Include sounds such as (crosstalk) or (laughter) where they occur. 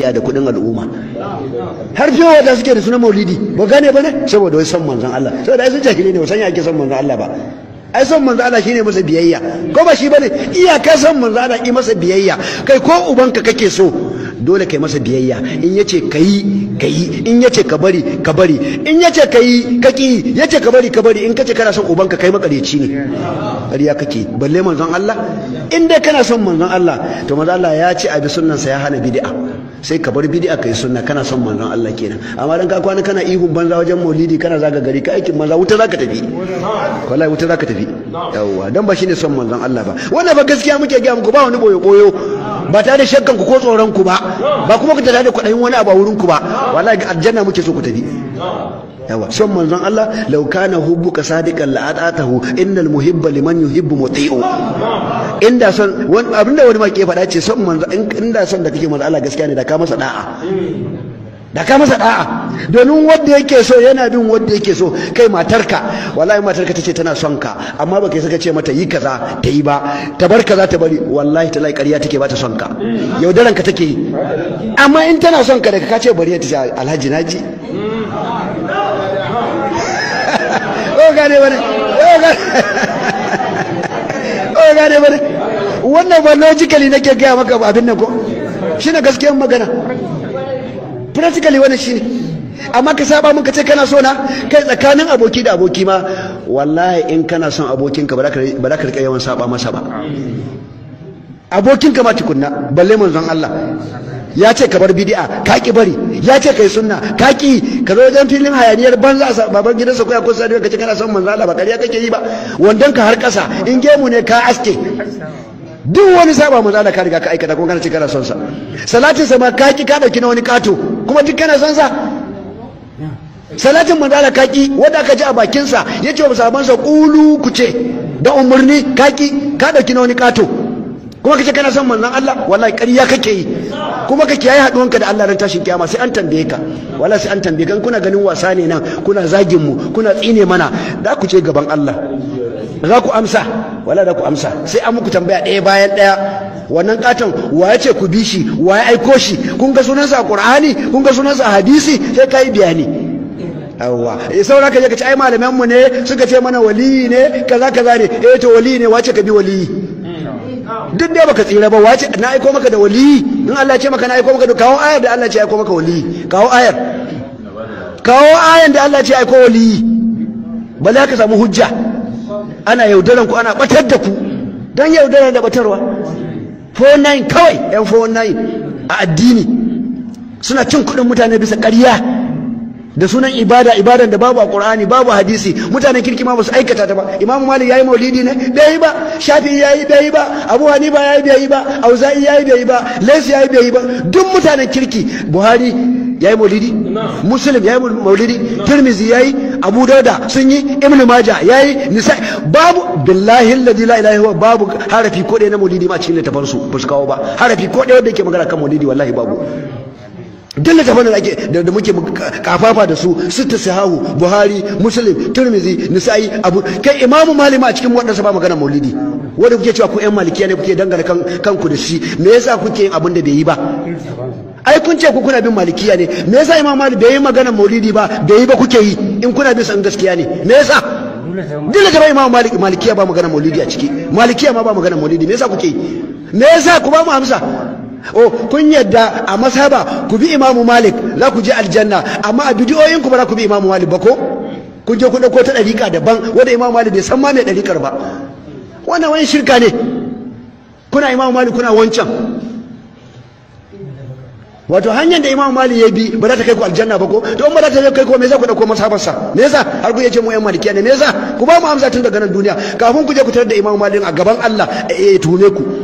biya da kudin al'umma har fiye wata suke da sunan maulidi ba gane ba ne saboda wai san manzan Allah saboda ai sun jahili ne ba ya ake son manzan Allah ba ai son manzan Allah shine masa biyayya ko ba shi bane iyakar son manzan Allah yi masa biyayya kai ko ubanka kake so dole kai masa biyayya in yace kai kai in yace ka bari ka bari in yace kai kaki yace ka bari ka bari in kace kana son ubanka kai makareci ne ƙarya kake balle manzon Allah in dai kana son manzon Allah to manzon Allah ya ce abi sunnan ya hana bid'a sai ka bar bid'a kai sunna kana son manzon Allah kenan amma dan ka kwana kana ihun banza wajen maulidi kana zaga gari ka aikin manza wuta zaka tafi wallahi wuta zaka tafi yawa dan ba shine son manzon Allah ba wannan ba gaskiya muke ga muku ba wani boye boyo ba ta da shakkan ku ko tsoron ku ba ba kuma ku tare da kudayin wani abu a wurin ku ba wallahi aljanna muke so ku tafi yawa son manzon Allah law kana hubbuka sadiqan la'atahu innal muhibba liman yuhibbu muti'u inda son, abinda wani maki ya faɗa ce son manzo inda son da kake manzo Allah gaskiya ne da ka masa da'a da ka masa da'a domin wanda yake so yana bin wanda yake so kai matarka wallahi matarka tace tana son ka amma baka yi saka ce mata yi kaza ta yi ba ta bar kaza ta bari wallahi ta lai ƙarya take ba ta son ka yaudaran ka take yi amma in tana son ka daga ka ce bari ta ce alhaji naji (laughs) o gane bane o gane (laughs) o wannan ba logically nake gaya maka abin nan ko shi ne gaskiyar magana practically wannan shi ne amma ka saba mun ka ce kana so na kai tsakanin aboki da aboki ma wallahi in kana son abokinka ba za ka rika yawan saba masa ba abokinka ma tukunna balle manzon Allah ya ce ka bar bid'a ka ki bari ya ce kai sunna ka ki ka zo wajen filin hayaniyar banza baban gidansa ko ya kusa da kace kana son manzon Allah ba kariya kake yi ba wandan ka har kasa in gemu ne ka aske duk wani saba manzo Allah ka riga ka aikata kuma kana ce kana son sa salatin sa ma ka ki ka dauki na wani kato kuma duk kana son sa salatin manzo da ka wanda aka ji a bakin sa yace wa sahaban sa qulu ku ce da umurni ka ka dauki na wani kato kuma kace kana son manzon Allah wallahi ƙarya kake yi kuma ka haɗuwan ka da Allah ran tashin kiyama sai an tambaye ka wallahi sai an tambaye ka kuna ganin wasa ne nan kuna zagin mu kuna tsine mana da ku ce gaban Allah za ku amsa wala da ku amsa sai an muku tambaya ɗaya bayan ɗaya wannan katon wa ya ce ku bi shi wa ya aiko shi kun ga sunansa a Qur'ani kun ga sunansa a hadisi sai kai bayani yawwa eh saura ka je ka ci ai malaman mu ne suka ce mana waliyi ne kaza kaza ne eh to waliyi ne wace ka bi waliyi duk dai baka tsira ba wace na aiko maka da wali in Allah ce maka na aiko maka da kawo ayar da Allah ce aiko maka wali kawo ayar kawo ayar da Allah ce aiko wali ba za ka samu hujja ana yaudaran ku ana batar da ku don yaudaran da batarwa 49 kawai yan 49 a addini suna cin kuɗin mutane bisa ƙarya da sunan ibada ibadan da babu a qur'ani babu hadisi mutanen kirki ma basu aikata ta ba imamu malik yayi maulidi ne bai ba shafi yayi bai ba abu hanifa yayi bai ba auza'i yayi bai ba lais yayi bai ba duk mutanen kirki buhari yayi maulidi muslim yayi maulidi tirmizi yayi abu dauda sun yi ibnu majah yayi nisa babu billahi alladhi la ilaha huwa babu harafi ko na maulidi ma cikin littafin su ba su kawo ba harafi ko dai wanda yake magana kan maulidi wallahi babu duk littafan da ake da muke kafafa da su sitta sahahu buhari muslim turmizi nisa'i abu kai imamu malima a cikin waɗansa ba magana maulidi wanda kuke cewa ku yan malikiya ne kuke dangana kanku da shi me yasa kuke yin abin da bai yi ba ai kun ce ku kuna bin malikiya ne me yasa imamu mali bai yi magana maulidi ba bai yi ba kuke yi in kuna bin san gaskiya ne me yasa duk littafan imamu malik malikiya ba magana maulidi a ciki malikiya ma ba magana maulidi me yasa kuke yi me yasa ku ba mu amsa oh kun yadda a masaba ku bi imamu malik za ku je aljanna amma a bidiyoyin ku ba za ku bi imamu malik ba ko kun je ku ɗauko ta ɗariƙa daban wanda imamu malik bai san ma mai ɗariƙar ba wannan wani shirka ne kuna imamu malik kuna wancan wato hanyar da imamu malik ya bi ba za ta kai ku aljanna ba ko to in ba za ta kai ku me za ku ɗauko masabarsa me yasa har ku ce mu yan malikiya ne me yasa ku ba mu amsa tun daga nan duniya kafin ku je ku tarar da imamu malik a gaban Allah eh, ya tuhume ku